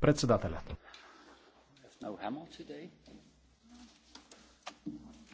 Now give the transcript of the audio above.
Председателят.